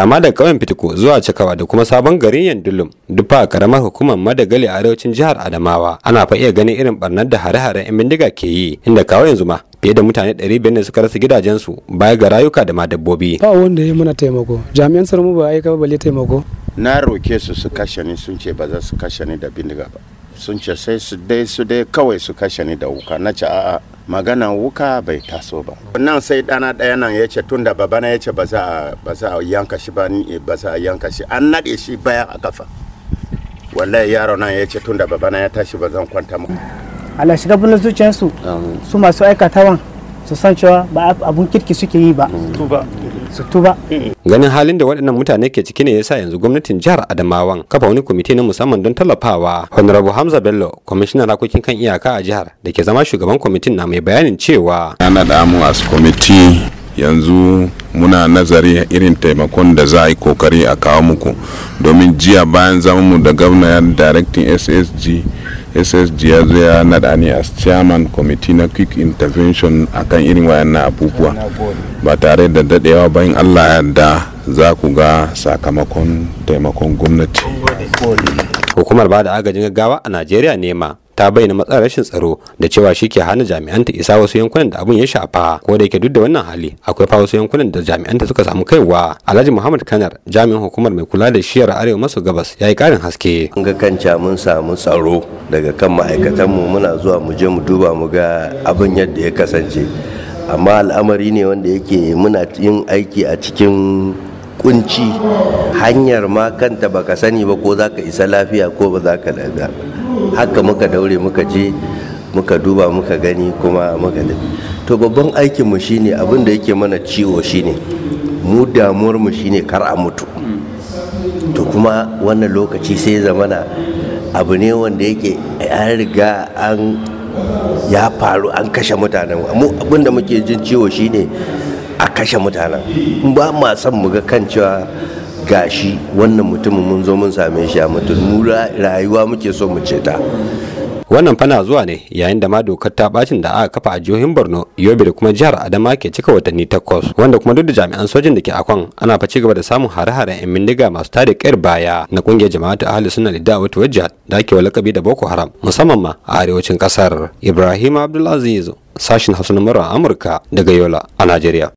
kama da ƙauyen fitiko zuwa cakawa da kuma sabon garin yandulum duk a karamar hukumar madagali a arewacin jihar adamawa ana fa iya ganin irin barnar da hare-haren yan bindiga ke yi inda kawo yanzu ma fiye da mutane 500 ne suka rasa gidajensu baya ga rayuka da ma dabbobi ba wanda ya muna taimako jami'an tsaro mu ba aika ba balle taimako na roke su su kashe ni sun ce ba za su kashe ni da bindiga ba sun ce sai su dai su dai kawai su kashe ni da wuka na ce a'a maganan wuka bai taso ba nan sai ɗana ɗaya nan ya ce tunda babana ya ce ba za a yanka shi ba ba za a yanka shi an naɗe shi baya a kafa wallahi yaro nan ya ce tunda babana ya tashi ba zan kwanta mu ala shiga bulan zuciyarsu su masu aikatawan su san cewa ba abun kirki suke yi ba su tuba ganin halin da waɗannan mutane ke ciki ne yasa yanzu gwamnatin jihar adamawan kafa wani kwamiti na musamman don tallafawa honorable hamza bello kwamishinan rakokin kan iyaka a jihar da ke zama shugaban kwamitin na mai bayanin cewa ana da mu as kwamiti yanzu muna nazari irin taimakon da za a yi kokari a kawo muku domin jiya bayan zama mu da gwamna directing ssg ss ya zo ya naɗa ni as chairman committee na quick intervention akan irin wayannan abubuwa ba tare da daɗewa bayan allah yadda za ku ga sakamakon taimakon gwamnati hukumar ba da agajin gaggawa a najeriya nema ta bayyana matsalar rashin tsaro da cewa shi ke hana jami'an ta isa wasu yankunan da abin ya shafa ko da yake duk da wannan hali akwai fa wasu yankunan da jami'an ta suka samu kaiwa alhaji muhammad kanar jami'in hukumar mai kula da shiyar arewa maso gabas ya yi karin haske an ga kanca mun samu tsaro daga kan ma'aikatan mu muna zuwa mu je mu duba mu ga abin yadda ya kasance amma al'amari ne wanda yake muna yin aiki a cikin kunci hanyar ma kanta baka sani ba ko zaka isa lafiya ko ba za ka lafiya haka muka daure muka je muka duba muka gani kuma muka da to babban aikinmu shine abin da yake mana ciwo shine mu damuwarmu shine kar a mutu to kuma wannan lokaci sai zamana abu ne wanda yake an riga an ya faru an kashe mutanen mu abin da muke jin ciwo shine a kashe mutanen ba ma son mu ga kan cewa gashi wannan mutumin mun zo mun same shi a mutum mu rayuwa muke so mu ceta ta wannan fana zuwa ne yayin da ma dokar ta bacin da aka kafa a jihohin borno yobe da kuma jihar adama ke cika watanni takwas wanda kuma duk da jami'an sojin da ke akon ana fa gaba da samun hare-haren yan bindiga masu tare kayar baya na kungiyar jama'atu ahli sunna da da'awatu wa jihad da ake wa lakabi da boko haram musamman ma a arewacin kasar ibrahim abdulaziz sashin hausa na amurka daga yola a najeriya